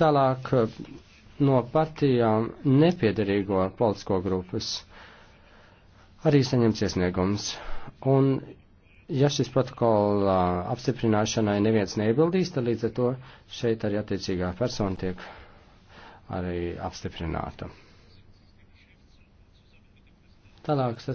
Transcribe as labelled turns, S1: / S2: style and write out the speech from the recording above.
S1: Tālāk eh, no partijām nepiedarīgo politisko grupas arī saņems iesniegums. Un ja šis protokola apstiprināšanai neviens neiebildīs, tad līdz ar to šeit arī attiecīgā persona tiek arī apstiprināta.
S2: Tālāk.